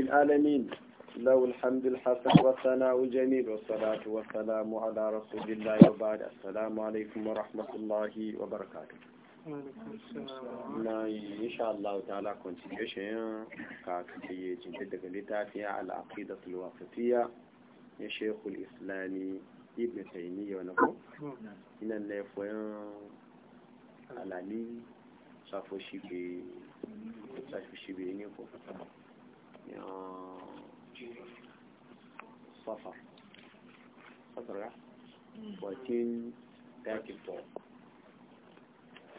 العالمين لو الحمد الحسن والثناء جميل والصلاة والسلام على رسول الله وبعد السلام عليكم ورحمة الله وبركاته لا نعم، إن شاء الله تعالى كنت يشيا كاكتية جدد قلتاتي على عقيدة الواقفية يا شيخ الإسلامي ابن تيمية ونقو إن الله على مين صافو شيبي صافو شيبي نيكو safar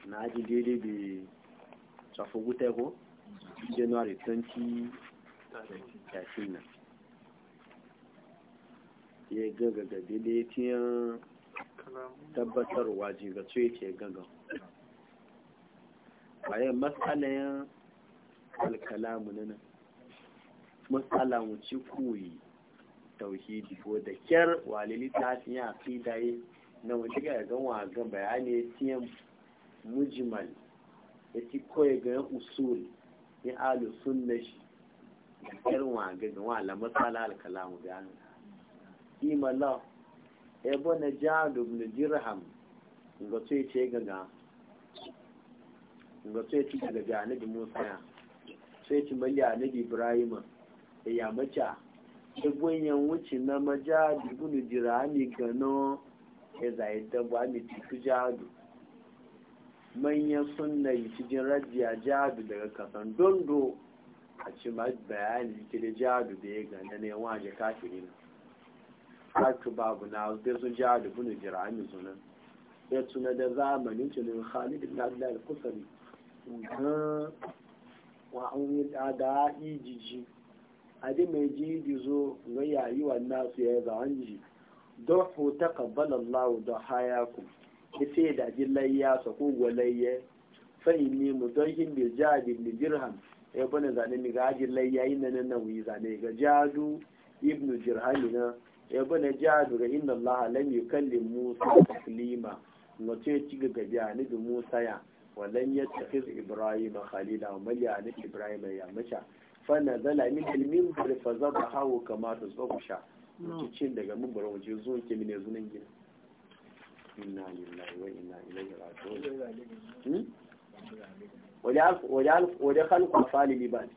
na aji daidai da tafi wuta ko january 2013 na ya gaga da daidai tiyan tabbatarwa ga tsoye ke gaga bayan matsalayen alkalamu na nan matsala mu ci koyi tauhidi ko da kyar walili ta tiya aqida yi na wani ga ga wa ga bayani mujimal ya ci koyi ga usul ni alu sunna shi da kyar wa ga ga wa la matsala al kalamu ga imala ebo na jadu ibn dirham ga sai ce ga ga ga sai ci daga annabi Musa sai ci mali annabi Ibrahim ya macha ibon wuce na maja dubunu dirami gano ya zai dabba mai tiku jadu manyan sunna yi cikin rajiya jadu daga kasan dondo a ci ma bayani cikin jadu da ya gane ne waje kafiri na haka babu na da su jadu bunu dirami sunan ya tuna da zamanin ne khalid ibn abdullahi kusari wa an yi da ijiji adi mai ji zo ga yayi wannan su ya zawan ji don ku taqabbala Allahu da hayakum ite da jilayya sa ko gwalayya fa inni mudahin bi jadi bi dirham ya bane zane mi ga jilayya yin nan nan wi zane ga jadu ibnu jirhamina ya bane jadu ga inna Allah lam yukallim Musa taklima mace ci ga gabi anabi Musa ya walan ya Ibrahim khalila wa mali anabi Ibrahim ya mace fana zala min ilmin bari fa zaba hawo kamata tsohu sha cikin daga mun bari waje zuwa ke mine zunan gina inna lillahi wa inna ilaihi raji'un wajen hmm? wajen halkwa fali libad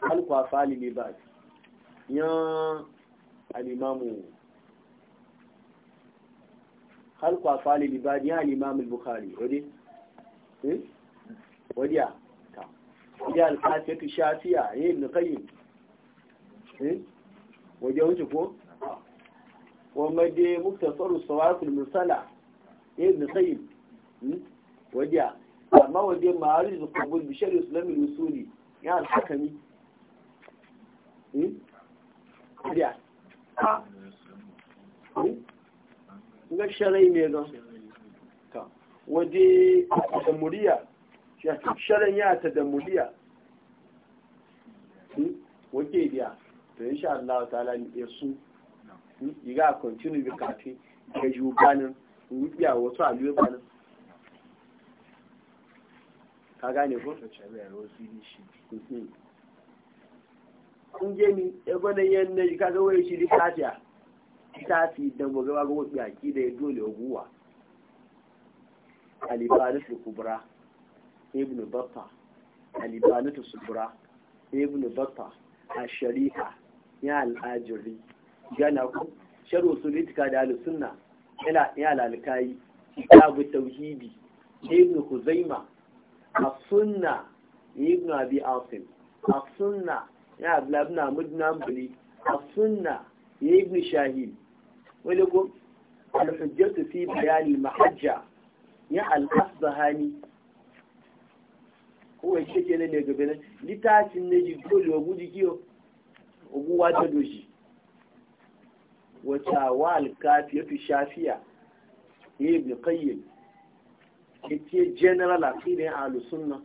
halkwa fali libad yan alimamu halkwa fali libad yan alimamu bukhari wadi hmm? wadiya ya alkafiyatu shafiya ya yi nukayin waje wuce ko? wanda dai mukta tsaro sawatul musala eh, ya yi nukayin hmm? waje amma waje ma'arin da kabul bishar islamin usuli ya alhakami hmm? waje ha hmm? ga sharai ne ga waje da muriya sharan ya ta da muliya hmm? wake biya to insha Allah ta'ala ni ya su yi hmm? ga continue bi kafi ga jubanin wuya wasu aliyu nan ka gane ko? ce shi hmm. kun je ni e ebonan yan ne ka ga waye shi litafiya litafi dan gaba ga wasu yaki da ya dole guwa alifarisu kubra ibn batta alibanatu subura ibn batta ashari'a ya al'ajiri gana ku sharu sulitika da al-sunna ya al-alkai kitabu tauhidi ibn huzaima as-sunna ibn abi asim as-sunna ya abdullah ibn amud nambali as-sunna ibn shahid wani ko al-hujjatu fi bayan al-mahajja ya al-asbahani kowai keke ne mai gabe na litacin na ji dole ogu jiki ogu wata doshi wata wa alkafi ya fi shafiya ya yi ibn qayyim ya ce general akirin alusunna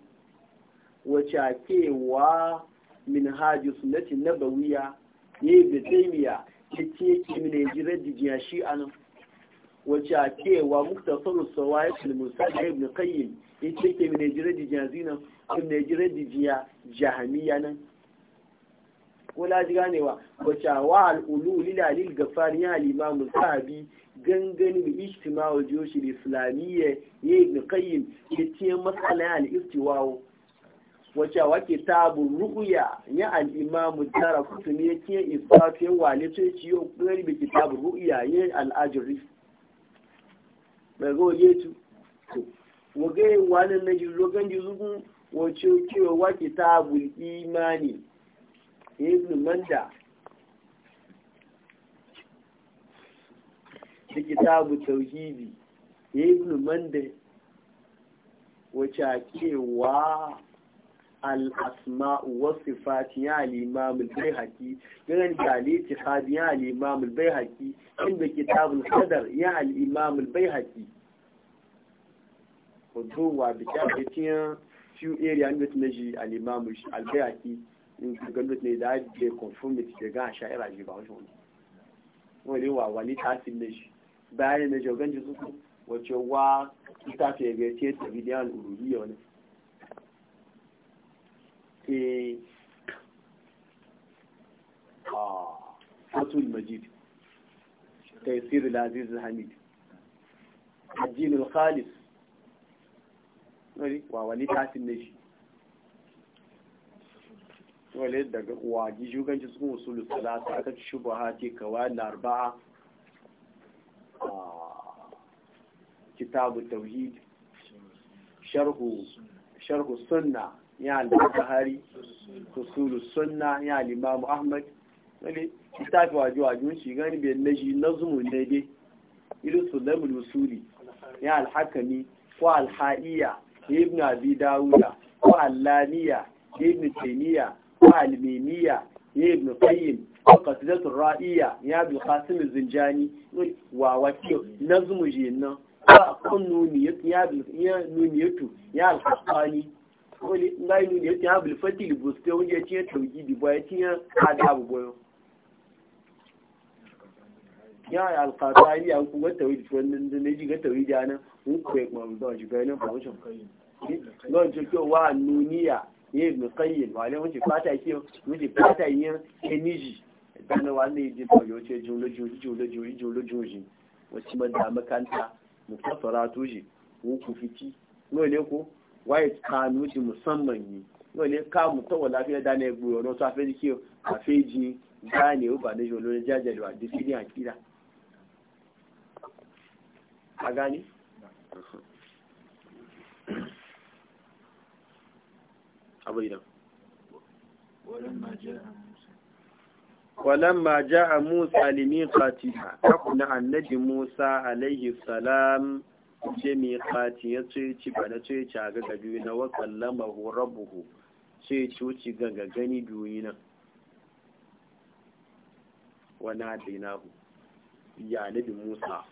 wata ke wa min hajji sunnati Bawiya? ya yi ibn taymiya ya ce kimin ya ji rajijiya shi'anin wata ke wa muktasar sawa ya fi musa ya ibn qayyim ita ke mai jira di jazi nan ko mai jira di jiya jahamiya nan ko la ji ganewa ko wa al'ulu lilalil Gafar, ya limamu sahabi gangani bi ijtima'ul joshi islamiyya ya ibn qayyim ya ce matsala al-istiwawo wacce wake tabu ruhuya ya al'imamu tara kutu ne ke isbatu ya wale sai ci yau ɗari bi kitabu ruhuya ya al'ajiri bai zo yetu wage wani na jirgin rogon jirgin wace cewa wake ta imani ibn manda da abu tauhidi ibn manda wace cewa al'asma wasu fatiya limamul bai haƙi ganin galiti fadiya limamul bai haƙi inda kitabun sadar ya al'imamul bai haƙi hudowa da kyakkyakin few area ne ji in ne da ake conformity sha'ira ji ba wajen wani wani wa wani shi bayan wa ita ce ga ta bidiyan wani a fatul majid tafsir الدين الخالص Wa wani littafin ne shi wale daga wagi shugabanci sun usulu salata aka ci shubu hati kawai larba'a a ah, kitabu tauhid sharhu sunna ya al-bukhari usulu sunna ya al-imam ahmad wale littafi waje wajin shi gani bai naji zumu ne dai irin sulamul usuli ya alhakami hakami ko al ibn abi dawuda ko allaniya ibn taymiya ko almimiya ibn qayyim ko qasidatur ra'iya ya bi qasim zinjani wa wakil nazmu jinna ko kununi ya bi ya nuniyatu ya alqani ko li ngai nuniyatu ya bi fatil buste wonje tiya tawgidi ba tiya adabu boyo ya yi alkata yi a kuma tawidi wannan da na jiga tawidi a nan mun kuwa kuma mun zama nan ba wancan lọ́n tó kí o wá nùníyà ní èmi kẹ́yìn wà ní wọ́n ti pátá kí ce wọ́n ti pátá yẹn ẹníyì ìdáná wa ní ìdí bọ̀ yóò ṣe jun lójú ojú lójú ojú lójú òjì wọ́n ti mọ̀ dá mẹ́kántà mọ̀tò sọ̀rọ̀ àtúnṣe wọ́n kò fi kí wọ́n lè kó wáyé kánú ti musamman yìí wọ́n lè ká mọ̀tò wọ̀ láfíà dáná ẹgbẹ́ ọ̀nà tó afẹ́ kí o àfẹ́ jin dáná ìhùbà níjọ a gani abu idan ولما جاء موسى لميقاتها تكون النبي موسى عليه السلام ce miƙati ya ce ci ba na ce ci a gaga biyu na wakallama horabuhu ce ci wuce gani biyu nan wana ya nabi musa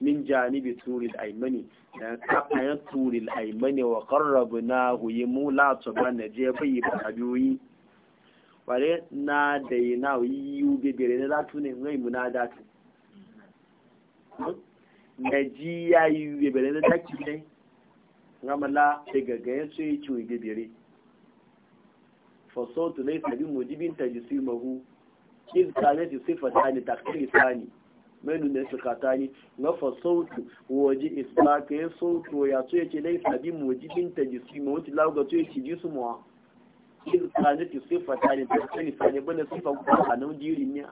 min janibi turil aimani da kafayen turil aimani wa karrabu na huyi mu latuba na je bayi ba abiyoyi wale na da yi na yi yi bebere na latu ne ngai mu na datu na ji ya yi bebere na daki ne ngamala da gaggayen su yi ciwo bebere fasotu ne sabi mujibin tajisimahu iz kanat sifatani sani menu ne suka tani na fa sautu waje ka yi sautu ya so yake dai sabi mujibin ta jisi ma wuce lagu to yake jisu mu in ne ti sifa ne ta ta ne bane sifa kuma a nan jirin ne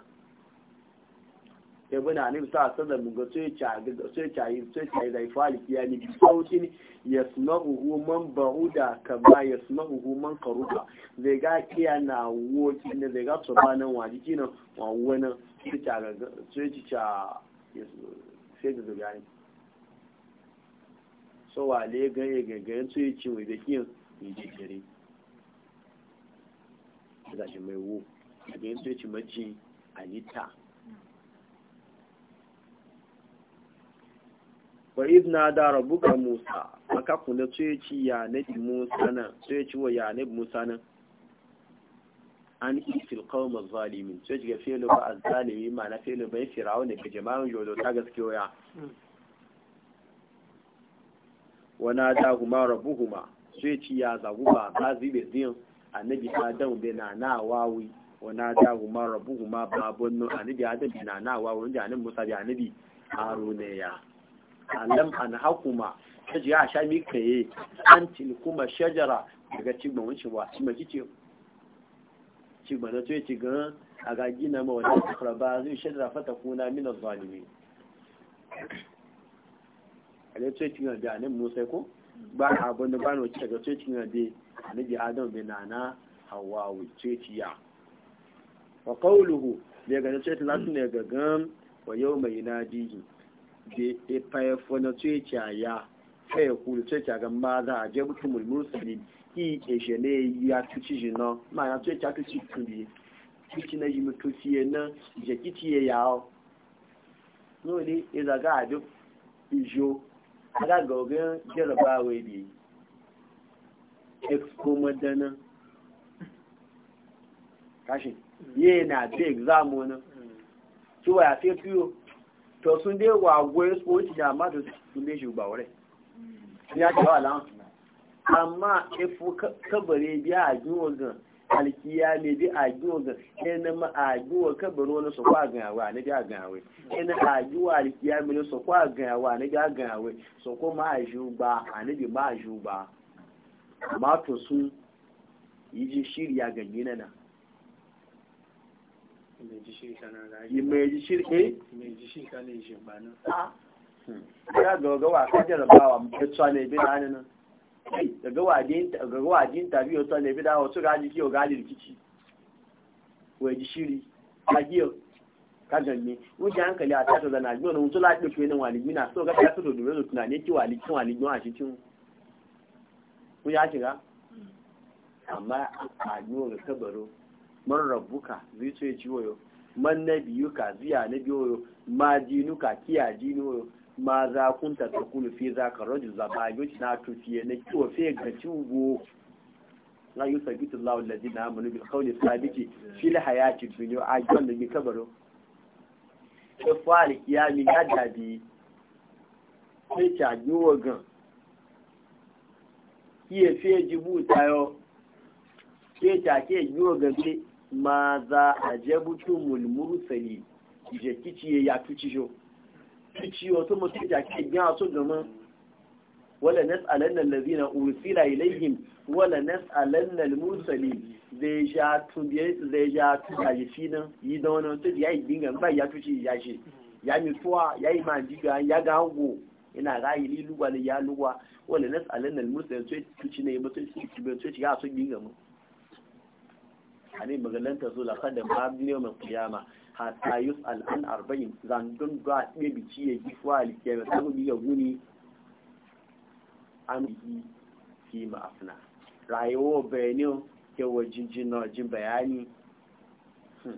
ya bana ne sa sada mu ga sai ta ga ya ta yi sai ta yi zai fali ya ni sautin yasma'uhu man ba'uda kama yasma'uhu man karuka zai ga kiyana wokin da zai ga tsobanan waji kinan wawana sai ci ca sai ga gani so wa le ga ya gaggayen sai ci wai da yi jikiri da shi mai wo daga yin sai ci maji alita wa izna da rabuka musa aka kuna sai ci ya nabi musa nan sai ci wa ya nabi musa nan an isil kawon zalimin sai shiga felo ba a zalimi ma na felo bai firawun da jama'an yodo ta gaskiyoya wana da kuma rabu kuma sai ci ya zagu ba ba zibe zin annabi adam bai na na wawi wana da kuma rabu kuma babon nun annabi adam bai na na wawi wanda annabi musa bai annabi ne ya annam an hakuma ta ji a sha mi kaye an tilkuma shajara daga cikin wancin wa shi ma kike ci gbana to ya ci ga a ga gina ma wata kura ba zai shi shaidara fata kuna mina zalimi a ne to ya ci gana da anin musa ko ba abin da ba no wacce ga to ya ga gana da anabi adam bin nana hawa wuce ci ya wa qawluhu da ya gana to ya lasu ne ga ga wa yau mai nadihi da ya fayafo na to ya ci ya kai ya kulu to ya ci a ma za a je mutum mulmursalin ki ejele ya tuci jina ma ya tuci ya tuci kuri tuci na jimi tuci ya na je kiti ya ya o no ne iza ga adu ijo aga gogen jaraba bi excomadana kashi ye na de exam wona ti wa ya se tuyo to sun de wa gwe sports da ma to sun de ju ba ore ni a ti wa lan amma ifu kabare biya a giwa ga alkiya ne bi a giwa ga ina eh, ma a giwa kabare wani su kwa gawa ne biya gawa ina eh, a giwa alkiya ne su kwa gawa ne biya gawa su ma a ju ba a ne bi ma ju ba amma to su yi ji ya ganye na na mai ji ka mai ji shirka ne shi ba ya ga gawa kajar bawa mutuwa ne bi na nan daga wajen tabi wasu ne fi dawa su gaji kiyo gaji rikici wai ji shiri a kiyo kagan ne wuce hankali a tattara na biyu na lafiya wani waligi na so ga tattara da rezo tunane ki waligi waligi wa shi cin ya shiga amma a yiwu ga kabaro man rabuka zai so ya ciwo man na biyu ka ziya na biyu ma jinuka kiya jinuwa ma za kun ta tukulu fi za ka rajin zaba yuci na tufiye na kiwo fi ga cigo na yi ciwo la yusabitu Allahu alladhina amanu bil qawli sabiti fil hayati dunya ajwan da kabaro ya mi na dabi sai ta yuwa gan kiye fi jibu tayo ke ta ke yuwa gan ma za a jebutu mulmuru sani kiciye ya tuci shi tuci wasu mutum jaki ya su gama wala nas'alan allazina ursila ilaihim wala nas'alan musali zai ja tubiye zai ja tubaye fina yi da wani wannan tuci yayi dinga ba ya tuci ya shi ya mi tuwa yi ma diga ya ga hango yana rayi ni lugwa ne ya lugwa wala nas'alan musali tuci tuci ne mutum tuci tuci ya su dinga mu ani magalanta su la kada ba ne mai kiyama hatta yus al'an arba'in zandun ba ɗaya biki ya ji fuwa alikiyar da samun biya guni an yi fi ma'afina rayuwa bayanin yawa jinjin na jin bayani hmm,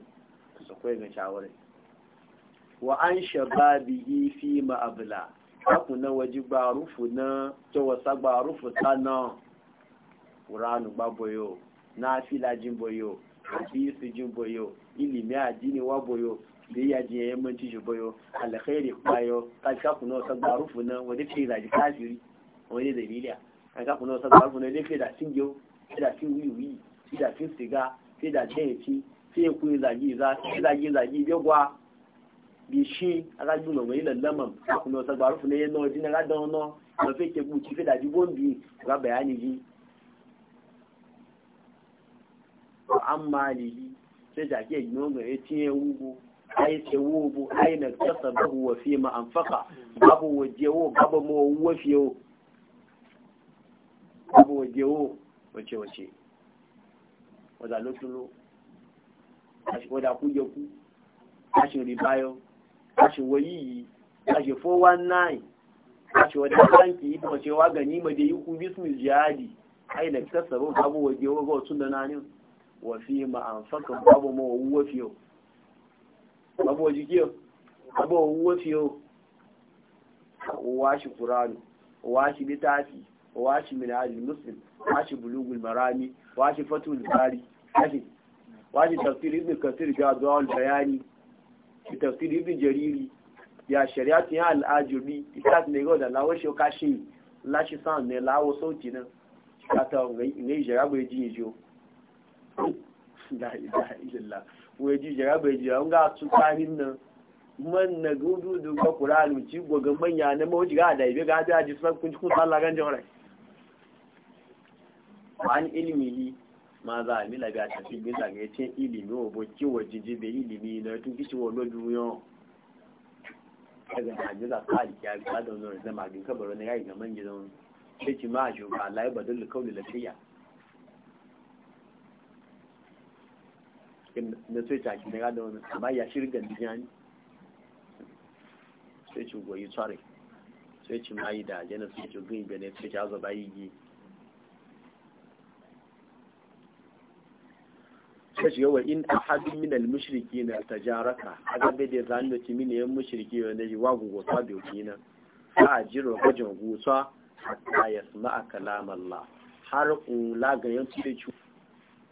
su kwaye ga shawarar wa an shababihi fi ma'abila aku na waji gbarufu na kewasa gbarufu ta na ƙuranu gbaboyo na fila jin boyo hadisi jin boyo ilimi addini wa boyo da ya ji yayin manci shi boyo alkhairi bayo kalka kuno san barufu na wani fi da kafiri wani dalila kalka kuno san barufu na dai da da sin wiwi da sin siga da denci sai ku zagi za sai zagi zagi begwa bi shi aga ju mo ile kuno san barufu ne no jina ga don no no fe ke bu ci da bombi ga bayani ji amma lihi sai jaki ya yi noma ya ciye wugu ai ce wubu ai na kasa babu wafi ma an faka babu wajewo babu ma wafiyo babu wajewo wace wace wadda lotulo wadda kuje ku kashin ribayo kashin wayiyi kashin 419 kashin wadda kanki ita wace wa gani ma da yi ku bismil jihadi ai na kasa babu wajewo ba wasu da nanin wa fi ma anfaka babu ma wuwa yau. babu jikiyo babu wuwa fiyo wa shi qur'ani wa shi litafi wa shi minhajul muslim wa shi bulugul marami wa shi fatul bari wa shi tafsir ibn kathir ga dawal bayani shi tafsir ibn jariri ya shari'atun ya al'ajuri isaac ne gauda da shi o kashi lashi sound ne lawo sauti nan shi kata ngai jarabu ya jiye jiyo la ilaha illallah wai man na gudu da ga ci goga manya na mawji ga da ibe ga sun kun sallah gan an ma za a mila tafi bin ilimi wa boki wa jijibe ilimi na tun kici wa lodu yo daga hajjira kali ya ga da zama ga man shi ma lafiya na sai taki ki daga da wani amma ya shirin da biya ni sai ci goyi tsare sai ci mai da jana sai ci gani bane sai ci azaba yi gi sai ci yawa in ahadun min al mushriki na tajaraka aga bai da zan da min yan mushriki wanda ji wagu go sa biyo kina fa ajiro gajin gusa hatta yasma'a kalam Allah har ula ga yanci da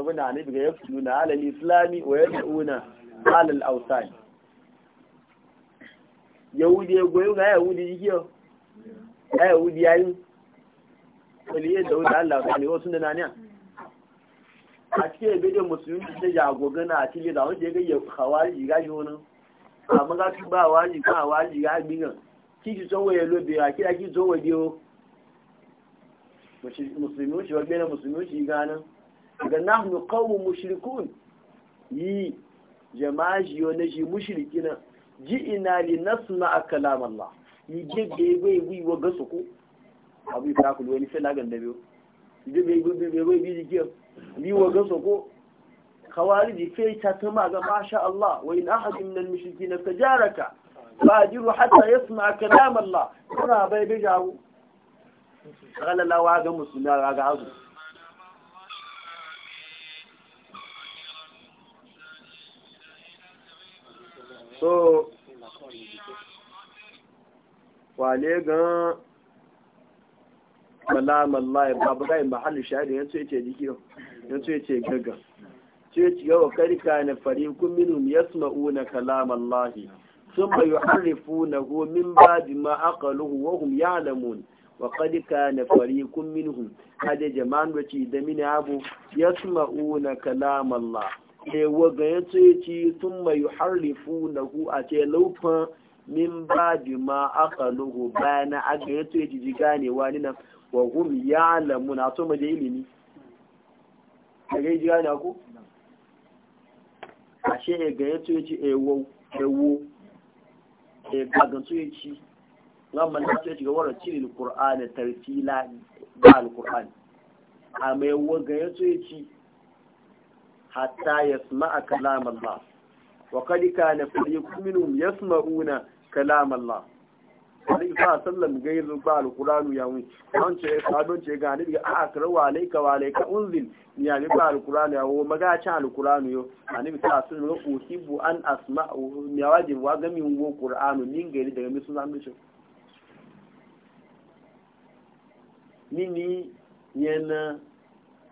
ibn hanif ga yafsuluna ala al-islami wa yad'una ala al-awsan yahudi goyo ga yahudi yiyo ga yahudi yayin wani yadda wani Allah ka ne wasu nana ne a cikin yabe da musulmi ta jago gana a cikin da wanda ya gayya hawari ga shi wani amma ga su ba wani kan hawari ga gbigan kiki son ya lobe a kira kiki son waje o musulmi shi wa gbe na musulmi shi ganin ga nahnu qawmun mushrikun yi jama'i yo na shi mushriki na ji ina li nasma kalam Allah yi je be be wi wa gasu ko abu ta ku wani sai lagan da biyo je be be be be bi ji bi wa gasu ko khawariji fe ta ma ga masha Allah wa in ahad min al mushrikina tajaraka fajiru hatta yasma kalam Allah kuna bai bai jawo kala lawa ga musulmi ga azu so wale gan malamallai babu gai mahallu shahidi yanzu ya ce yanzu ya ce gaga ce ci yawa karika na farikun minum ya sma'una kalamallahi sun yi harifu na gomin babi ma'akaluhu wahum ya lamun wa kadika na fari minhum hada jama'an da ci da mini abu ya sma'una kalamallah ewa ga ya ce ci mai na ku a ce laufan min ba bi ma aka lugu bayan aga ya ce ji ganewa ni nan wa hum ya lamu na to maje ilimi daga ji gane ku a ce e ga ya ce ci ewo ewo e ga e e ga ce ci lamma na ce ci ga wara ci alqur'ani tartila ba alqur'ani a mai wa ga ya ce hatta yasma'a kalam Allah wa qad kana fariqun minhum yasma'una kalam Allah Alaihi wa sallam gai zuba alkuranu ya wuni? an ce sadon ce ga ni a akra wa alayka wa alayka unzil ni ya ba alkuranu ya wuni wo maga ci alkuranu yo annabi ta sun ro usibu an asma, ni wajib wa ga min wo qur'anu min gai daga mi sun zamu ce mini yana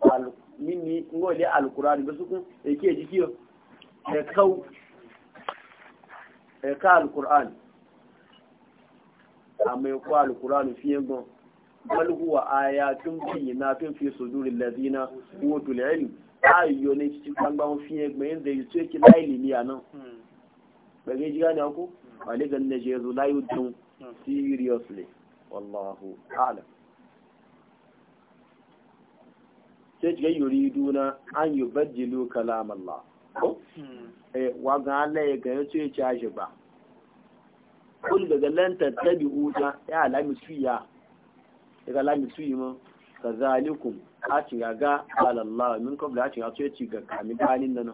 alkuranu mini ngole alkurani ba suku sukun eh, yake jikiyo e eh, kau e ka alkurani a ko ku alkurani fiye gan bal huwa ayatun tun fi suduril ladina tul ilm ayo ne ci ba fi fiye gan yanda yi tsoki na ilimi a nan ba ga jiga ne ku hmm. wale gan ne jezu la yudun hmm. seriously wallahu a'lam sai ci yuri duna an yi bajjilu kalamalla eh, wa ga Allah ya ga yace ya ci ba kun daga lantar tabi uta ya alami suya ya alami suyi mun ka zalikum a ci ga ga alallah min kwabla a ci ga ci ga kamin banin nan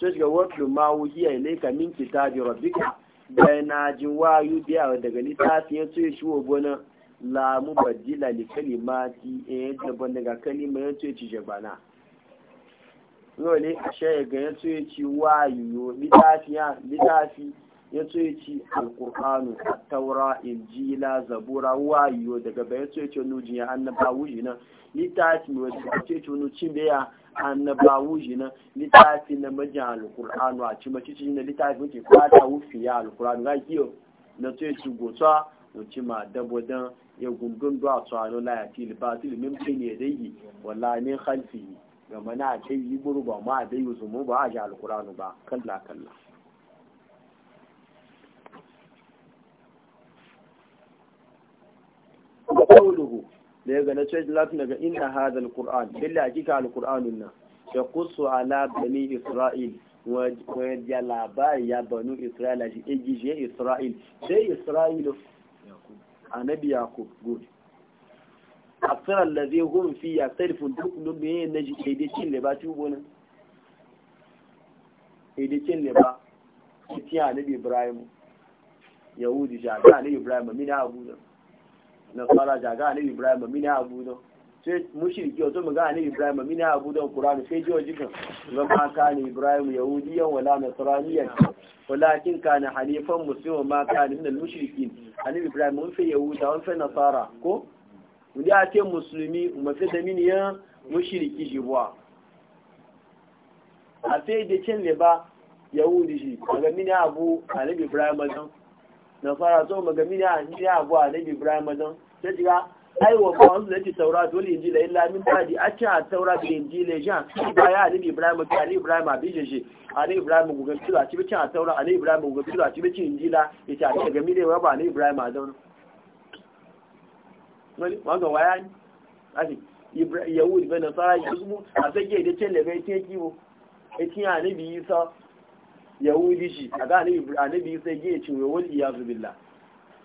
sai ga wato ma wuhiya ilaika min kitabi rabbika bayan na ji wayu biya daga littafin ya ce shi wa gona la mubaddila li kalimati e eh, da banda ga kalima ya ce ci jabana lole a shaye ga ya ce ci wayo litafi ya litafi ya ce ci alqur'anu at-taura injila zabura wayo daga ba ya ce ci nuji ya annaba wuji na litafi ne ya ce ci nu cin beya annaba wuji na litafi na majal alqur'anu a ci maci na litafi ke fata wufiya alqur'anu ga kiyo na ce ci gotsa ci ma dan ya gungun do a tsaro la ya fili ba fili min ne ya dai wala ne khalfi ga mana a kai yi buru ba ma dai yuzu mu ba a ji ba kalla kalla da ya ga na sai daga inna hadha alqur'an billa kika al'kur'anun nan yaqussu ala bani isra'il wa ya labari ya banu isra'ila shi ejije isra'il sai isra'ilu annabi yakub gode aksar allazi hum fi duk lullu bayan yi aidai cin ne ba tubo nan aidai ne ba cikin annabi ibrahim yahudi jaga annabi ibrahim mina abu nan nasara jaga annabi ibrahim mina abu nan sai mushriki wato mu gane Ibrahim min ya abu da Qur'ani sai ji wajikan ga ma kana Ibrahim yahudiyan wala nasraniyan walakin kana halifan muslima ma kana min al-mushrikin ali Ibrahim mun fi yahuda mun fi nasara ko mun ya ce musulmi mun fi da min ya mushriki jibwa a sai da cin ne ba yahudi shi daga min ya abu ali Ibrahim dan nasara so ga min ya abu ali Ibrahim dan sai jira. ai wa ba wanzu da taura dole injila illa min badi a cin a taura da injila jan ba ya ali ibrahim ka ali ibrahim a bije shi ali ibrahim gugan a cibicin a taura ali ibrahim a cibicin ya ce a ce gami da ba ali ibrahim a zauna wani waya ne a sake da ce lebe ce kiwo a ga ya yawon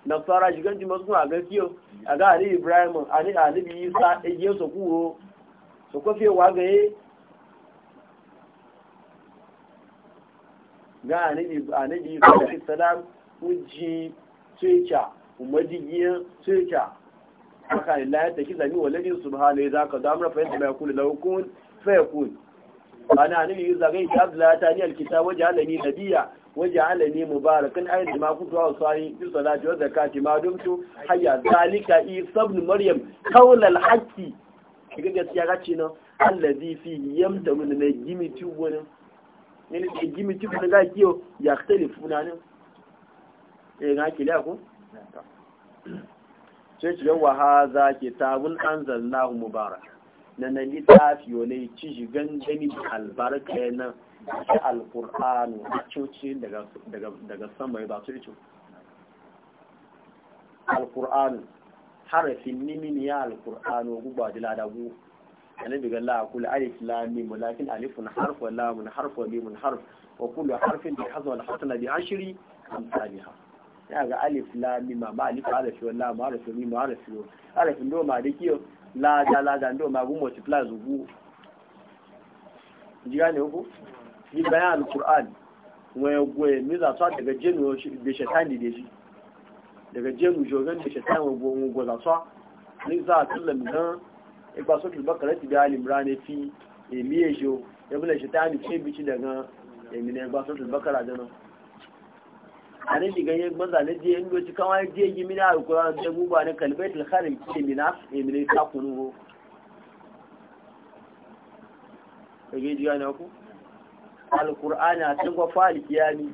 nasara fara ji masu a gaskiyo a ga ali ibrahim ali alibi isa ejiye su kuro su kofe wagaye ga alibi isa da salam uji tsoyica umarjigiyar tsoyica haka lillahi ta za ka zamar fahimta mai laukun fayakun ana alibi isa ga ita abdullahi ni alkita wajen alani nabiya waj'alani mubarakan ayyuka ma kuntu usali fi salati wa zakati ma dumtu hayya zalika isa ibn maryam qawl al-haqqi kiga gaskiya gaci no allazi fi yamta min ne gimi tubun ne ne gimi tubun ga ya eh, mubarak na na littafi wani ciji gangani da albarka yana da alkur'anu a coci daga sama ba su rikin alkur'anu harafin nimin ya alkur'anu guba da ladagu annabi na daga kula alif lam mim walakin alifun harfa lamun harfa limun harf wa kullu harfin bi hazwa da hasana bi ashri amsalha ya ga alif lam ma ma alif harfi wa lam harfi mim harfi harfin do ma da kiyo láàdá láàdá ní ọmọ agun multiply zugu jíra ní ogun yí bayan alukur'an wọn ẹgbọ́ ni mílà tó daga jẹ́nu ìgbésẹ̀tá nìdè sí daga jẹ́nu ìṣòro ìgbésẹ̀tá wọn gbọ́ lásọ́ ní sáà tó lẹ̀ mìíràn ipa sókè bọ́kàrẹ́ ti bí alimra ní fi èmi èṣò ẹgbẹ́lẹ̀ ìṣẹ̀tá ní fún ibi daga èmi ní ẹgbà sókè bọ́kàrẹ́ àjọ a nan shiga yin banza na je yin ci kama je yi mini a rukura da buba na kalibai tilharin ke mina eh, mini ta kunu ko kage ji gane ku alkur'ani a cikin kwafali kiyami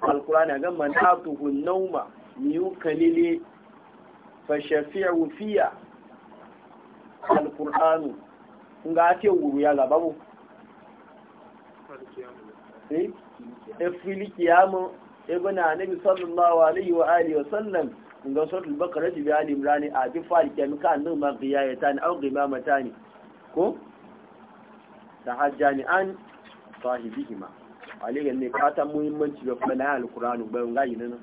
alkur'ani ga manatu hun nauma miyu kalile fa shafi'u fiya alkur'anu nga ce wuru ya gaba mu eh efili kiyamu ibina nabi sallallahu alaihi wa alihi wa sallam ga suratul baqara ji bi ali imran a bi fari kemi kan nan ma qiyayata ni au mata ni ko tahajjani an sahibihima ali ne ne ta muhimmanci ga kuma na alquran ba ga yi nan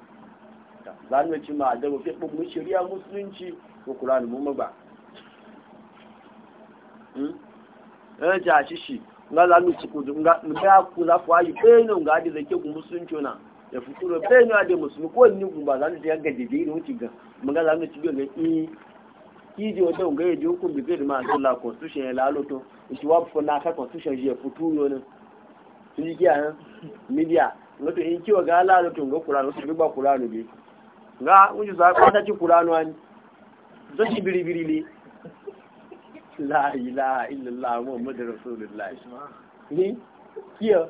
Za mu ci ma da mu fiqh mu shari'a musulunci ko quran mu ba hmm? eh ja shi shi nga la mu ci ku nga nga ku za ku ayi kai eh, ne ga da zake ku musulunci na da futuro bai nuna da musulmi ko ni kuma za mu ga da dai wuce ga mun za mu ci ga i ije wata unga ya ji hukun bibir ma a la constitution ya laloto ishi wa fuko na ka constitution ya futuro ne su yi giya nan media wato in kiwa ga laloto ga kuranu su ba kuranu bi ga wuce za ka ta ci kuranu wani zo shi biribiri ne la ilaha illallah muhammadu rasulullah ni kiyo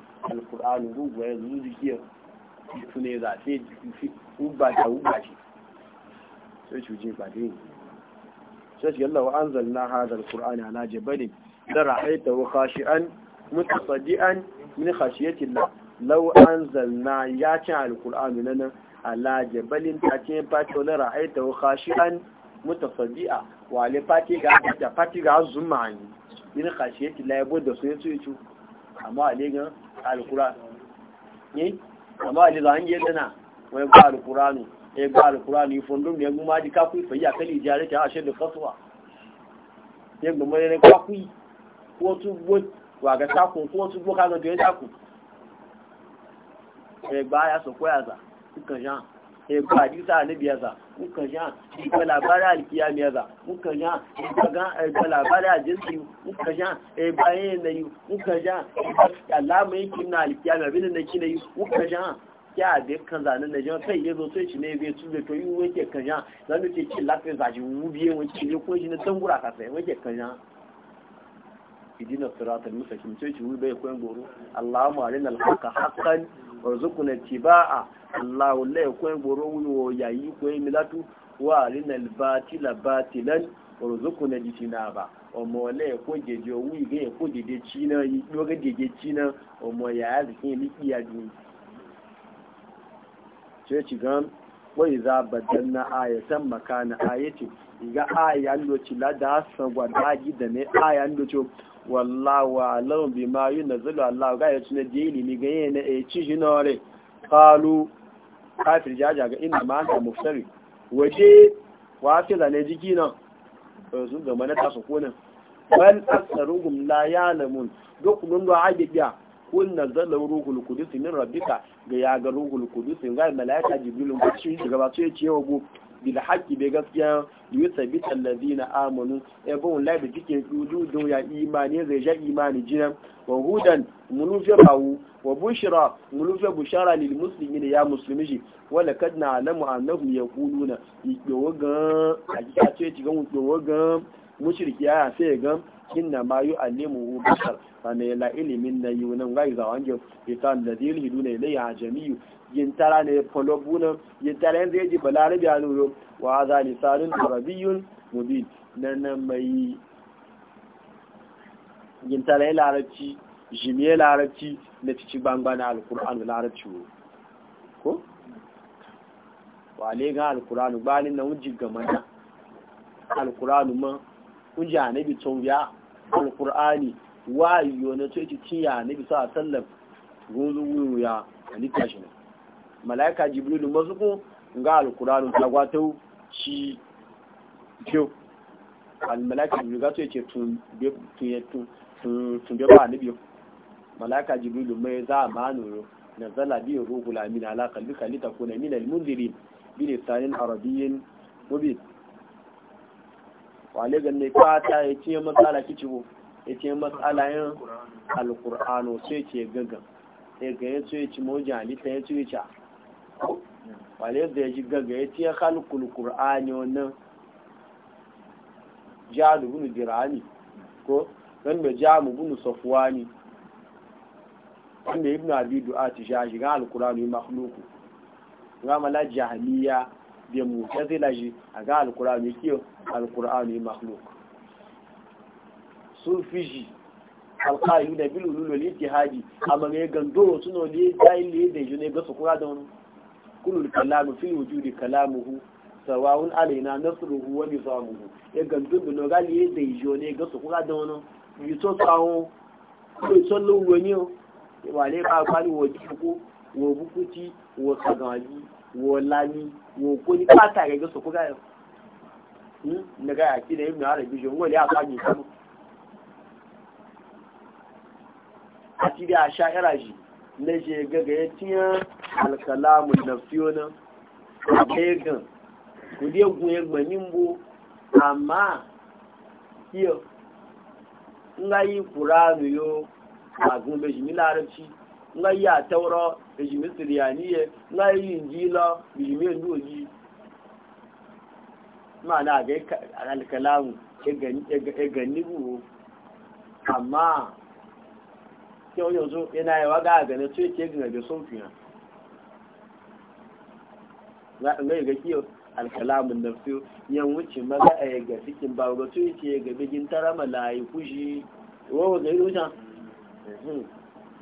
alkur'ani ruwa ya zuzu jikiyar su ne zafe uba da uba shi sai cuje ba dai sai shi Allah wa anzalna hadha alqur'ana ala jabalin da ra'aita wa khashi'an mutasaddian min khashiyati Allah law anzalna ya ta alqur'ana nan ala jabalin ta ce ra'aita khashi'an mutasaddia wa le fati ga fati ga zumani min khashiyati su yace àmọ́ àlégan alùkúrà ní àmọ́ àlèlà ń yé dẹ́nà wọ́n gbá alùkúrà nù ẹgbá alùkúrà nù ìfọ̀ndùn ní ẹgbùn máa di kákú ìfẹ̀yí àkẹ́lẹ̀ ìdí arẹ́kẹ́ àṣẹ lè fọ́tùwà ẹgbùn mọ́ ẹrẹ kákú wọ́n tún gbó wàgẹ́ sákù kí wọ́n tún gbó kágọ́ ẹ̀kọ́ àdísà níbi ẹ̀sà nǹkan ṣe hàn ẹ̀kọ́ làbárẹ̀ àlìkíyàmì ẹ̀sà nǹkan ṣe hàn ẹ̀kọ́ làbárẹ̀ àjẹ́sì nǹkan ṣe hàn ẹ̀bá yẹn nẹ̀yìn nǹkan ṣe hàn na àlìkíyàmì àbí nínú ẹ̀kí nẹ̀yìn kan zà nínú ẹ̀jọ́ fẹ́ ìyẹ́ tó ìṣì náà ẹ̀bẹ̀ tún lè torí yi jẹ́ kan ṣe hàn lọ́nà tí kí láfẹ́ zàjì wú bí wọn kí lè kún ìṣiná tó ń kan ṣe hàn ìdí náà sọ̀rọ̀ àtàlùmọ́sàkì tó ìṣì wú bẹ́ẹ̀ kọ́ ń gbòòrò warzuqna tibaa Allahu la ko boro wo yayi ko milatu wa arina al-batila batilan ba jitinaba ọmọ lẹ́ẹ̀kọ́ jẹjẹ owó ìgbé ẹ̀kọ́ jẹjẹ china lórí jẹjẹ china ọmọ yàrá ìfún ilé ìyàdùn ṣe é wai za badan na ayatan makana ayati ga ayan loci la da san gwada gida ne ayan loci wallahu alam bi ma yunzilu allah ga yace na dili mi ganye ne e ci nore qalu kafir jaja ga ina ma anta mufsari waje wa fi zane jiki nan sun ga mana ta su kona bal aktsaruhum la ya'lamun dokumun da abiya kun nazala ruhul qudus min rabbika ga ya ga ruhul qudus ga malaika jibril ba shi daga ba sai ce yawo bil haqqi be gaskiya yusabit allazina amanu e bon la bi kike wujudun ya imani zai ja imani jinan wa hudan munufi bawu wa bushra munufi bushara lil muslimina ya muslimi wala kad na'lamu annahum yaquluna ikpewo gan a ji ta ce ci gan ikpewo gan mushriki ya sai gan inna ma hu bashar sane la ilimin na yunan gai za wanjo itan da zil hiduna ya jami'u yin tara ne polobuna yin tara yanzu yaji balarabi a nuro wa za rabiyun arabiyun mubin nan mai yin tara ya larabci ya larabci na cici gbangba na alkur'an larabci ko wa ga alkur'an gbalin na wujin gamana alkur'an ma kun ji anabi tun biya alkur'ani wayo na ce ci ciya na bisa a sallam gunzu wuya a nika shi malaika jibrilu masu ko ga alkur'ani ta gwata shi kyau al-mala'ika jibrilu ga ce ce tun bebe ba nabi mala'ika jibrilu mai za a manoro na zala biyu rugula min alaƙa duka litakuna min almunzirin bi lisanin arabiyyin mubin wale ganne fata ya ce matsala kici bu ya ce matsala yin alkur'ano sai ce gaga ya ga ya ce ci mojin halitta ya ce ca wale da ya ji gaga ya ce halkul kur'ani wannan jalu bunu dirani ko dan da jamu bunu safwani wanda ibnu abi du'a ta shiga alkur'ani makhluku ga mala jahiliya da mutazila shi a ga alkur'ani kiyo alkur'ani makhluk fi shi alkari da bilu lulo ne ke haji a mamaye gandoro suna ne jayin ne da yi ne ga su kura da wani kulul kalamu fil wujudi kalamuhu sawawun alaina wani wa nizamuhu ya gandun da nogali ne da yi ne ga su kura da wani yi to tsawon ko yi tsallo wani wale ba kwani wa jiko wa bukuti wa kagaji wo lani wo ko hmm? ni pata ga so ko ga yo hmm ne ga ki ne mi ara bi jo ngo le aka ni samu ati da sha'ira ji ne je ga ga tiya al kalamu nafsiyona ga ko dia gun e gba mbo. ama kiyo ngai qur'anu yo agun beji mi larabci nga yi atawra ejimi siriyaniye nga yi injila bijimi ndu oji ma'ana ga alkalamu egani buwo amma ke wani yanzu ina yawa ga gane su yake gina da sun fiya nga yi ga kiyo alkalamun da fiyo yan wuce maza a yaga cikin ba ga su yake ga bigin tara malayi mm. kushi hmm. wawa ga yi wucen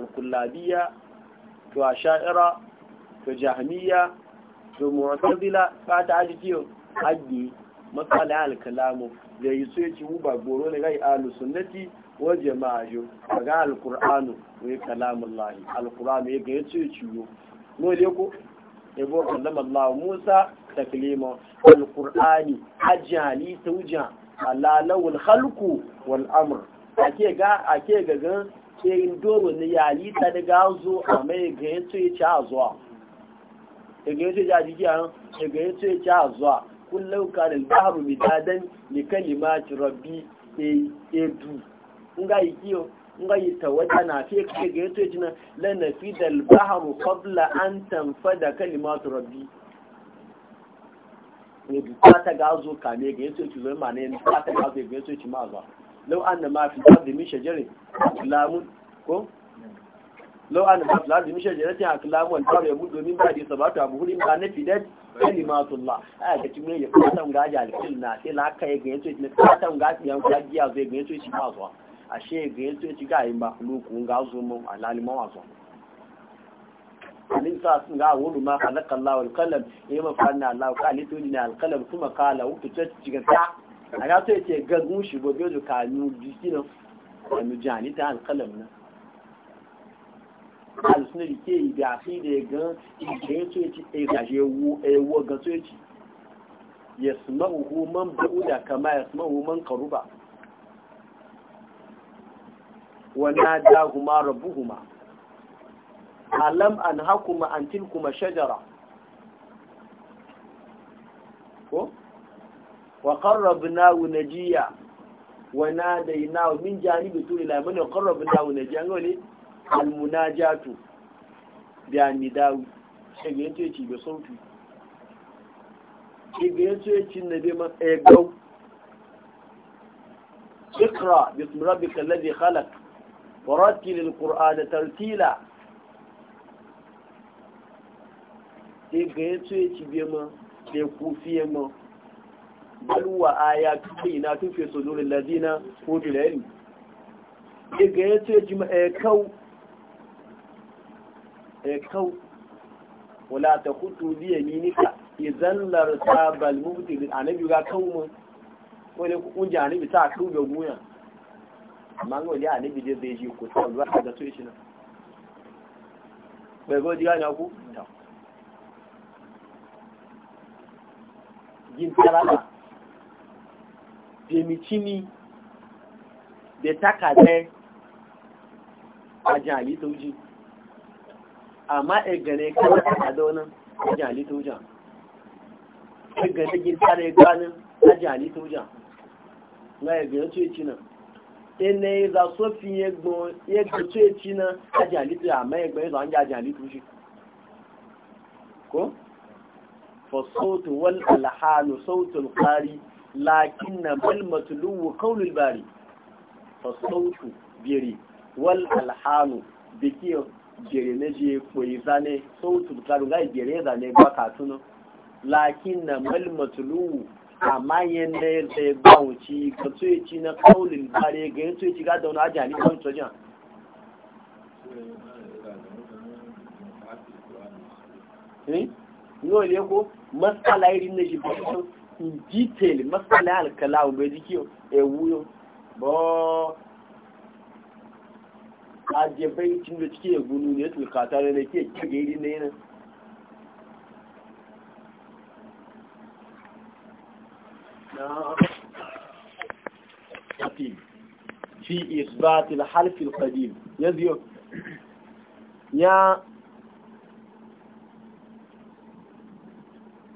kullabiya to asha'ira to jahmiya to mu'tazila ba ta aji kiyo haji matsala al-kalamu da yi so ci mu ba goro ne gai ahlu sunnati wa jama'a yo ga al-qur'anu wa kalamullah al-qur'anu ya ga yace ciwo no le ko e bo kallama Allah Musa taklima al-qur'ani ajali tawja ala lawal khalqu wal amr ake ga ake ga sai yin doro ne ya yi ta daga zo a mai ga ya ci a zuwa daga yato ya a giya daga yato ya ci a zuwa kullum ka da zaharu midadan ne ci rabbi edu e in ga yi kiyo in ga yi wata na fi kai ga ya ci na lana fi da zaharu kwabla an tamfa da kalima ci rabbi edu ta ta gazo kame ga yato ya ci zai ma ne ta ta gazo ga ya ci ma zuwa lau an na mafi arzimin shajarin lamun ko lau an na mafi arzimin shajarin ta haka lamun ta rayu domin ba na fidat kalimatullah a yaka cikin ya fatan gaji alfil na sai laka ya ganyen tsoci na fatan gaji yan ganyen tsoci ba zuwa a shi ya ganyen tsoci ga yi makulukun ga zo mun alaliman wasu alim sa sun ga wuri ma halakka Allah wal kalam ya yi mafarin Allah wa kalito ne alkalam kuma kala wuku ta ta a ta ce gagun shi gobe da kanu jiki nan kanu jani ta alkalam nan alisunan da ke ibi a fi da gan ikirin so ce a gaje ewo gan so ce ya suma hukuman ba'uda kama ya suma hukuman karuba wana da huma rabu huma alam an hakuma an kuma shajara ko wa qarrabna najiya wa nadaina min janibi turi la mun qarrabna najiya ngole al munajatu bi anidawi shege yace ci be sautu shege yace ci na be ma egau اقرا باسم ربك الذي خلق ورتل القران ترتيلا شege yace ci be ma be kufiye ma bal wa ayatu tun fi suduril ladina utul ilm daga yace jima'a eh, kau e kau wula ta kutu biya minika izan larta balmuti a na biyu ga mu wani kunji anabi ta kau ga guya amma ga wani anabi da zai ji ku ta ruwa ga to shi nan bai godi gani ku ta yin tarala jemichini da takadai a jihar ta wuji amma egane kan takadai wani a jali ta wujan egane ginta da ganin a jali ta wujan na egane ce cinan ene za so fi egbon egbon tó etí na ajalitu àmọ́ ẹgbẹ́ ìzọ̀ àjẹ́ ajalitu ṣe kó fọ́sọ́tù wọ́n alhàlù sọ́tù kárí lakin na malmatuluwu kaunin bari fasautu biri wal alhanu biki jere na je koyi zane sautu karu ga jere zane ba katuna lakin na malmatuluwu amma yin na yadda ya ba wuci ka tsoyici na kaunin bari ga yin tsoyici ga dauna ajiyar ni kan tsojan Eh? Yau ne ko matsala irin na shi in detail masala alkala bai e wuyo bo a jefai cin da cike gunu ne tulkata ne da ke kagiri ne nan في إثبات الحرف القديم ya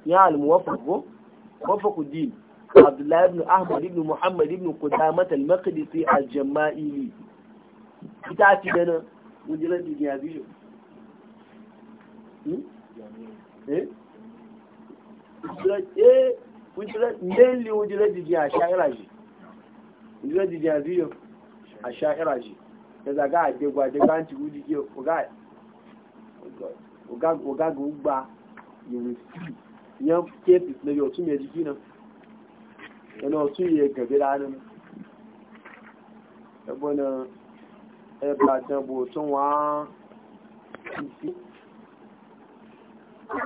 ya al الموفق wafakuddin abdullahi ibn ahmad ibn muhammad ibn kudamat al-maqdisi al ita ci dana mujiran jigiya a sha'ira shi mujiran jigiya biyu a sha'ira shi da zaga a degwa degwa an ci gudu ke yan cases na yau mai jiki nan yana wasu ya gabi ranar yabona ẹgbà jẹbò tún wọ́n fífí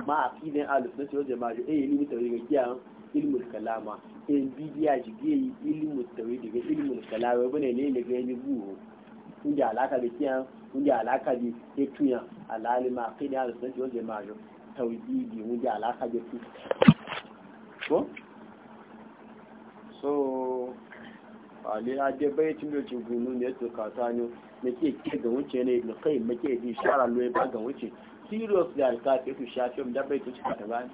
máa fi ní alùsùn tí ó jẹ máa jù èyí ní mítàrí rẹ̀ jẹ́ àwọn ilmù kalama èyí bí i àjìgí èyí ilmù tàrí rẹ̀ ilmù kalama ẹgbẹ́ ní ilẹ̀ gẹ́gẹ́ ní gbùrù ń jẹ́ alákàbí kí àwọn ń jẹ́ alákàbí ètùyàn alálìmọ̀ a alùsùn tí ó jẹ máa ju. tawhidi mu ji alaka da su ko so ali ade bai tun da gunu ne to kata ne nake ke ga wuce ne da kai muke ji shara loye ba ga wuce serious da alkafi su shafi mu da bai tun kata ba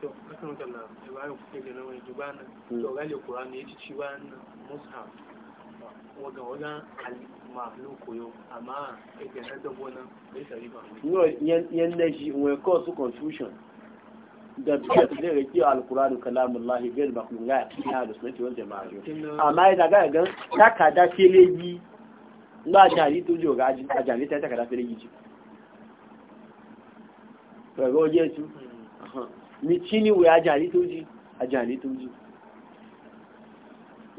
to kasan da na ba ku ke ga nan wani duba nan hmm. to gale qur'ani yace ci ba mushaf yanda shi wai cause confusion da biya da zai rage alkurani kalamun lahi biyar ba kun gaya cikin hada suna ce wanda ma'a yau amma yana gaya gan takada felegi ba jari to jiwa ga ajiyar ta takada felegi ce a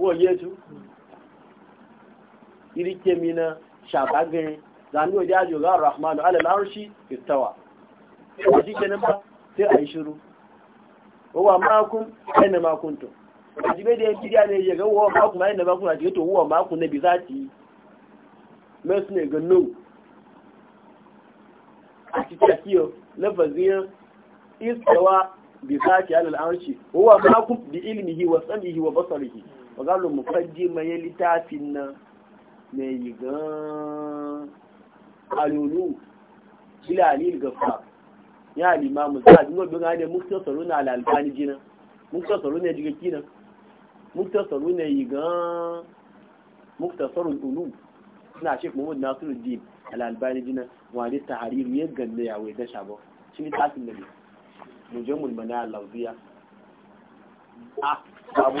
wọ́n yé tu irike na shabagen zanu wa ajo ga rahman ala al-arshi istawa shi kenan ba sai ai shiru wa ma'akum aina ma kuntum ajibe da yanki da ne ya ga wa ma'akum aina ma kuntum ajibe to wa ma'akum nabi zati mai sune ga a wa ọ̀gáàlù mọ̀kànjí mẹ́yẹ lítàfi na mẹ́yì gan-an alòlù sílẹ̀ àlìl gàfà ní àlìmá mùsùlùmí àdúgbò bí wọ́n á dẹ mùsùlùmí sọ̀rọ̀ náà àlàlùfáàní jiná mùsùlùmí sọ̀rọ̀ náà jìgẹ̀ kíná mùsùlùmí sọ̀rọ̀ náà yì gan-an mùsùlùmí sọ̀rọ̀ olù suna shek mahmud nasiru jina ya ganna ya wai a babu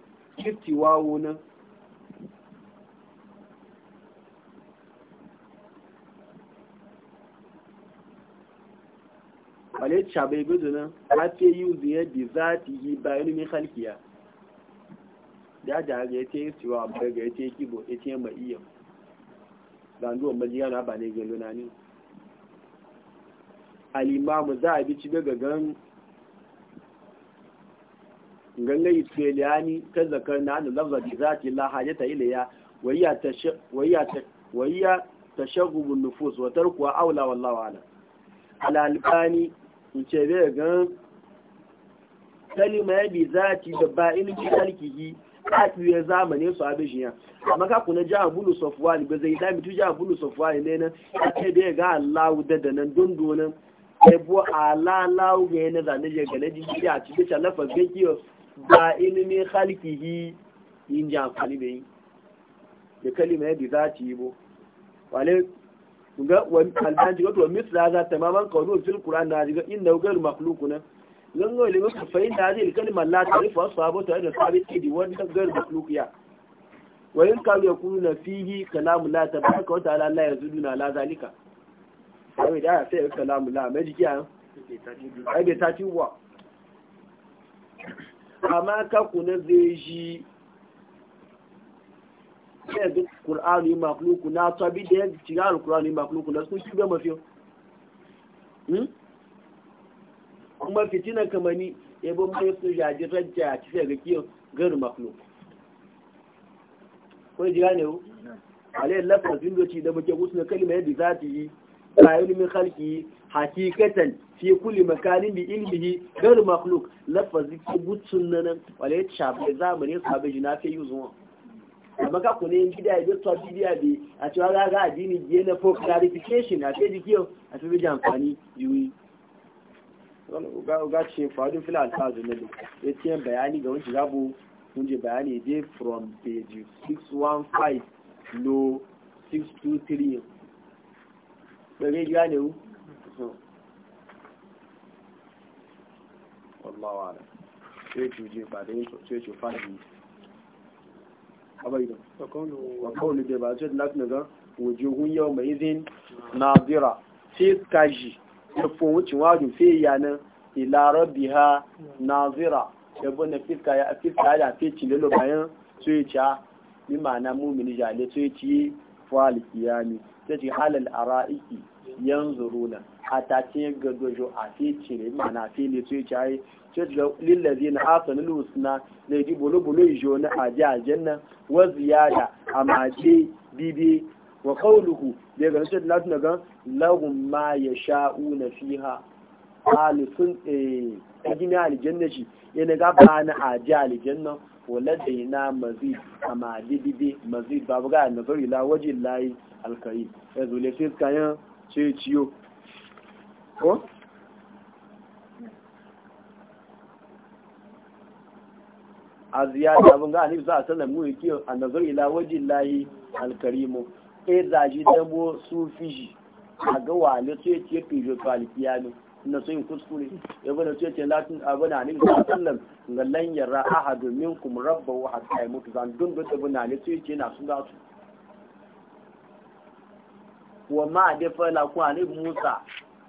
wawo nan wale cabe gudu nan a hafi yi zuye da za ta yi bayan mai halkiya da da ga ya ce yi istiwa abu ga ya ce kibo ya ce ma iya zanduwan majiya na ba ne gelo luna ne alimamu za a bi ci daga gan ganga itseliyani ta zakar na da lafza da zati la hajata ilayya wayya ta wayya ta wayya tashagubun nufus wa tarkuwa aula wallahu ala alalbani in ce bai gan kalima ya bi zati da ba'in ki kalkihi kaɗuye zamani su abin shiya amma ka kuna jihar bulu ne ba zai dami tu jihar bulu sofuwa ne nan a ce da ya ga allahu da nan dundunan ebo alalawu ga yana zane je gane jiki a cikin talafar kiyos ba ilimin halkihi yin ji amfani da yi da kalima yadda za ci yi bo wale ga alhan jiga to misra za ta maman kawo fil qur'an na ga inna gal makhluq na lan ga ilimin ka fayin da hadhihi kalima la tarifu ashabu ta da sabit ki wani da gal makhluq ya wa in ka yakuna fihi kalamu la tabaraka wa ta'ala la yazuduna la zalika sai da sai kalamu la mai jiya ai bai ta ci wa amma ka kuna zai shi ya duk ƙur'anu yi makuluku na tabi da ya shiga al-ƙur'anu yi makuluku na sun shiga mafiyo hmm? kuma fitina kamani ya bin mai su jaji rajja a cikin ga kiyo gari makuluku ko ji gane wu alayyar lafa zindoci da muke gusu na kalima yadda za ta yi ta yi halki hakikatan fi kulli makanin bi ilmihi gar makhluk lafazi kubutun nan wala ya shafi zamani sabe jina fi yuzo amma ka kone in gida ya to bidiya bi a cewa ga ga addini je na for clarification a ce dikiyo a ce bi amfani yuyi wala ga ga ce fadu fil alfazu ne ya ce bayani ga wani gabu mun je bayani dai from page 615 no 623 Bẹ̀rẹ̀ ìgbà ni ó, wallawa ala sai cuje ba da sai ce fadi abai da wa kawai da ba ce da lafi daga wujihun yau mai izin nazira sai kaji ya fowucin wajen sai yanar ilarar biha nazira yabo na fiska ya fiska ya fi cile lo bayan so ya mumini jale ya ta ce halal yan zuruna a ce ga dojo a fi cire mana fi ne su ci ai ce ga lillazi na asanul husna ne ji bolo bolo ijo na aje ajanna wa ziyada amma ce bibi wa qawluhu da ga sai na tuna ga lahum ma yasha'una fiha alisun eh na shi yana ga bana aje aljanna ولدينا مزيد أما دي دي دي مزيد بابغا نظر إلى وجه الله الكريم إذ ولي سيد كاين ce ciyo ko a ziyara abin ga anibu za a sanar mu yake a nazar ila wajen layi alkarimu e zaji dabo su fiji a ga wale sai ce fijo kwalifiyanu na sun kuskure ya bada su yake latin abin anibu za a sanar ga lanyar ra'aha domin kuma rabba wa hatta ya mutu zan dundun abin tabi su yake na sun gasu wa ma da fala ku ani musa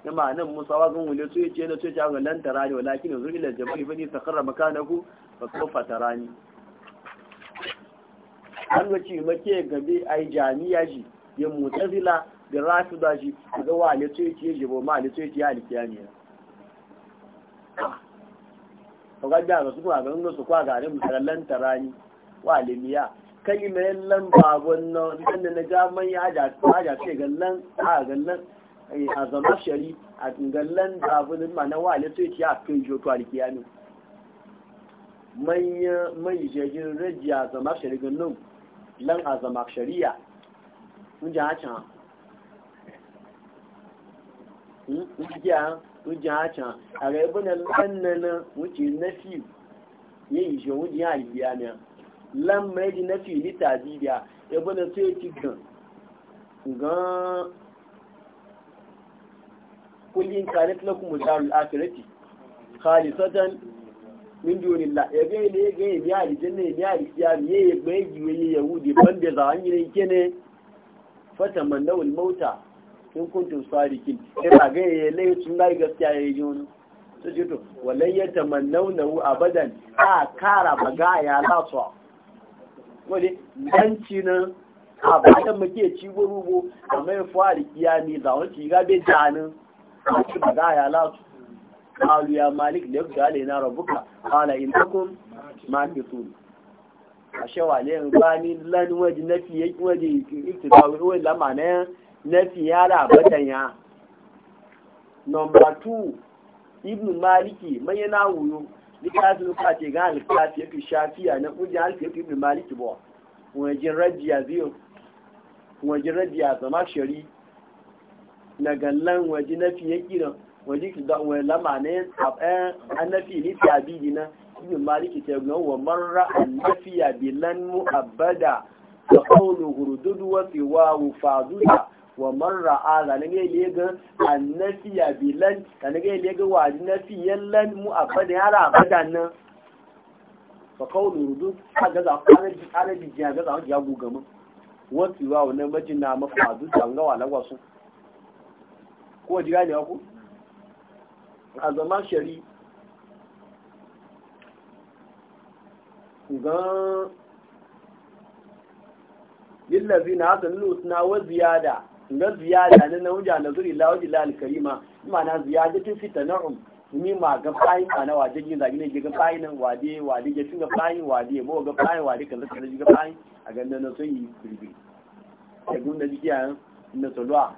yamma nan musa wa gan wule sai ce na sai ga lan tarani walakin yanzu ila jabal fa takarra makanaku fa ko fatarani an wuce make gabe ai jamiya ji ya mutazila da rafida ji ga wale sai ce je bo ma le sai ce alkiyami ko ga da su ko ga su ko ga ne musallan tarani wa limiya kalimar ba wannan wanda na ja ya haja ce gallon a gallon eh, a zama shari a gallon da abu abin ma na wale sai ce a kai joto alkiyami manya mai jirgin rajiya a zama shari gallon lan a zama shari'a wajen hacan wajen wajen ha a raibunan lannanin wuce na fiye yin ishe wajen ne lan mai ji na fili tabibiya ya e bane sai ki gan gan kullin kare lakum darul akhirati khalisatan min dunillah ya ga ne ga e ne ya ri janne ya ri ya ne ya ga yi de ban da za an yi ne kene fata manawul mauta in kuntum sadiqin e sai ba ga ya lai sun dai gaskiya ya yi wani su ji to wallahi ya tamannawna abadan a kara baga ya wani yanci na a muke ci burubu a mai fari kiyami za wani shiga bai janin a ci ba a ya latu ƙalu ya malik da ya fi gale na rabuka kala in takun ma fi a shawa ne gani lani waje na fiye waje iktidawi wani lama na yan na fiye da batan ya Nomba 2 ibn maliki mai yana wuyo littafin ka ce ga alkafi ya fi shafiya na kujin alkafi ibn maliki bawa wajen rajiya biyu wajen rajiya zama shari na gallan waje na fiye kiran waje ki da wani lama ne eh, a nafi ni ta biyi na ibn maliki ta gina wa marra an nafiya bilan mu'abbada da kaunu hurududu wa fiwa wufaduna wa marra a zane ga ga annafi ya bilan zane ga ga wa annafi yallan mu abada yara abada nan fa kaulu rudu a ga za ku arabi arabi jiya ga za ku guga mu wasu wa wannan na mafadu tanga wa lagwasu ko jira ne ku a zaman shari gan lillazi na hasanin usna wa ziyada na ziyada na nauja na zuri lawaji la alkarima tun fita na um ni ma ga fayin na waje gina zagi ne ga fayin nan wade waje ga tun ga fayin wade mo ga fayin wade kaza kaza ga fayin a ganin na so yi kurbi da gunda jiki a na tsolwa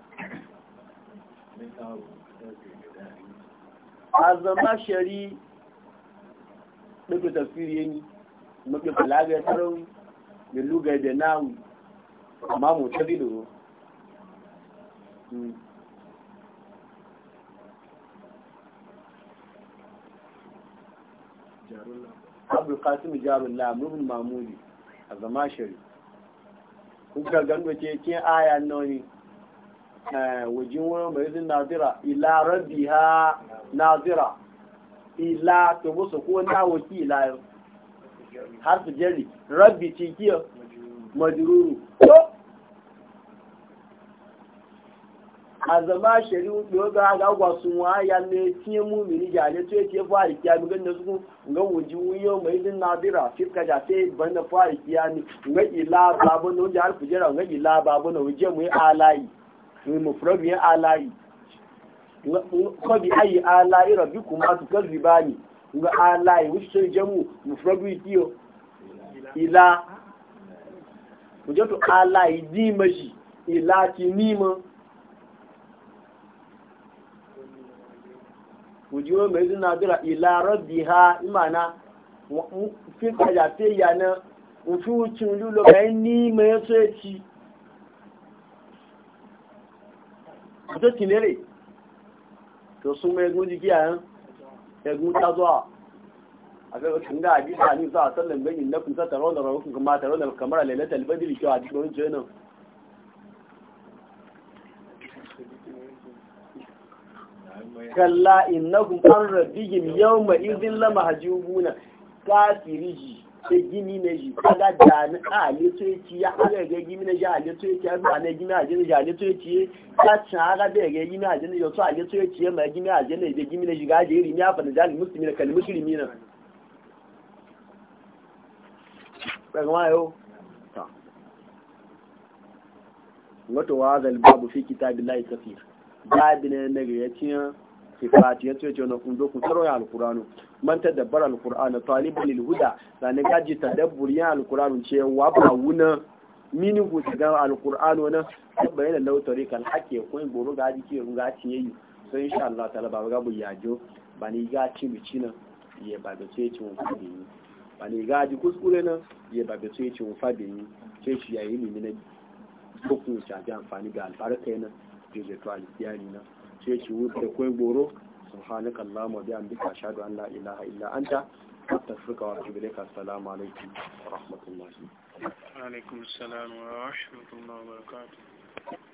azama shari daga tafsiri ne mafi falaga tarau da lugar da nawu amma mu tafi da abdul qasim jarullah ibn mamudi a zama shari kuka ce aya noni eh, wajen wurin mai zin nazira ila rabbiha nazira ila to musu ko na waki ila har su rabbi azama shari'u doga ga gwasun waya ne tiye mu mini jale to yake fa ikiya bi ganin su ga wuji wuyo mai din nadira fiska da sai banda fa ikiya ni ga ila babu no jar fujera ga ila babu no wuje mu alai mu mu probi alai ko bi ayi alai rabbikum atukazibani ga alai wuce sai jamu mu probi tiyo ila wuje to alai di mashi ila ti nima fujiyo mai zina gira ila rabbi ha imana fi kajafe ya na ufi wucin lulo kayan ni mai ya so ya ci ta ci nere to sun mai guji giya ya egun ta zuwa a ga wakil da abin da ni za a sallan bayin na kusa taron da rawakun kamar a lalata albadi da kyau a jikin wani jenon kalla innahum an rabbihim yawma idhin lama hajubuna kafiriji ta gini na ji kaga da ni a leto yaci e ya haga ga gini na ji a leto yaci e ya ba gini gimi a jini ja leto yaci ka ci haga da ga gini a jini yoto a leto yaci ya ma gini a jini da gini na ji ga jeri ni afa da jali muslimi na kalmi shirimi na daga ma wato wa zal babu fi kitabillahi kafir ne na ga yaci kifati ya ce na kun dokun tsaro ya alkur'anu man tadabbar alkur'anu talibul lilhuda sani gaji tadabbur ya alkur'anu ce wa ba wuna mini ku ga alkur'anu na bayyana lau tariqal haqqi ko in ga gaji ke ruga ci yayi so insha Allah laba baba gabu yajo bani ga ci mu ci na ye ba ga ce ci mun fadi ni bani ga ji kuskure na ye ba ga ce ci mu fadi ni ce shi yayi ni ne ko ku ta ji amfani ga albarka na je to alkiyani na sai ci wuce da koi goro subhanaka allahumma bi amdika ashhadu an la ilaha illa anta astaghfiruka wa atubu ilayka assalamu alaikum wa rahmatullahi wa wa rahmatullahi